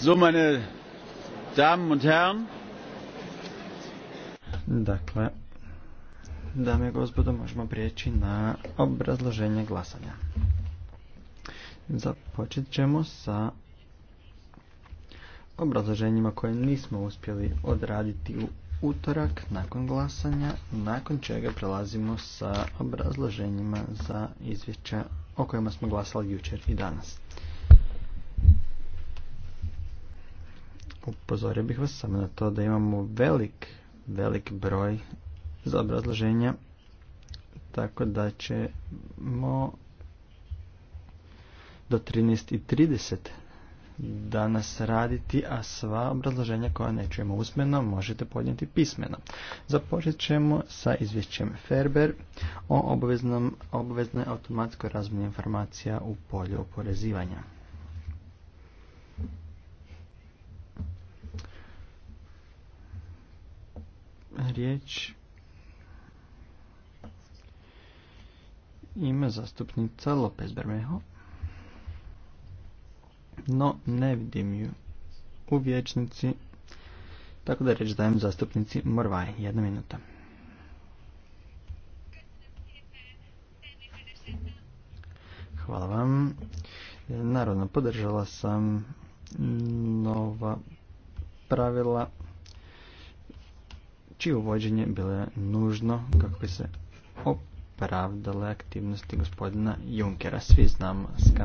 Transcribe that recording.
So, meine Damen und Herren. Dakle, dame i gospodo, možemo prijeći na obrazloženje glasanja. Započet ćemo sa obrazloženjima koje nismo uspjeli odraditi u utorak nakon glasanja, nakon čega prelazimo sa obrazloženjima za izvješća o kojima smo glasali jučer i danas. Upozorio bih vas samo na to da imamo velik, velik broj za obrazloženja, tako da ćemo do 13.30 danas raditi, a sva obrazloženja koja ne čujemo usmeno možete podnijeti pismeno. Započet ćemo sa izvješćem Ferber o obveznoj automatskoj razmjeni informacija u polju oporezivanja. riječ ima zastupnica Lopez Bermeho. No, ne vidim ju u vječnici. Tako da reč dajem zastupnici Morvaj. Jedna minuta. Hvala vam. Naravno, podržala sam nova pravila čije uvođenje bilo je nužno kako bi se opravdale aktivnosti gospodina Junkera. Svi znamo